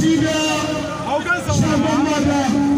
shi da shan bambam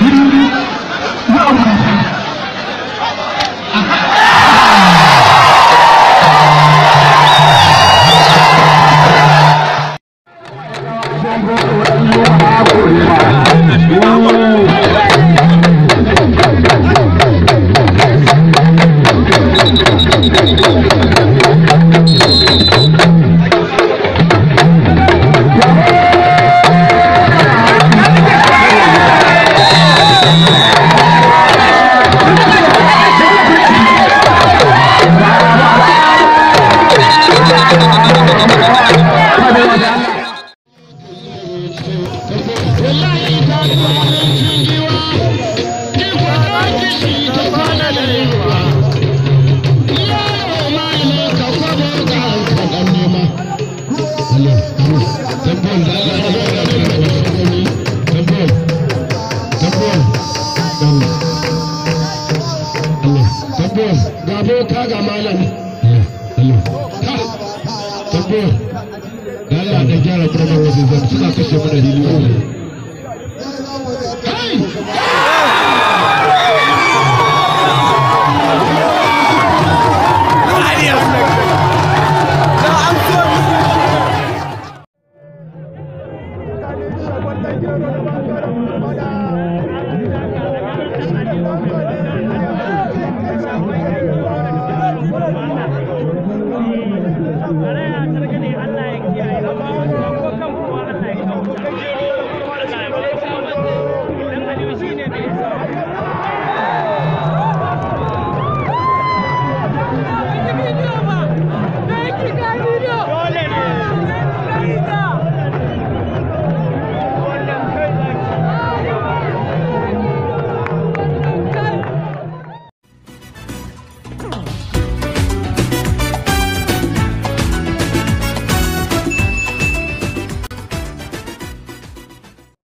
Thank you. ka ga malam Allah da gyara kuma wajen zan suna kashe mana hiliyoyi Amen.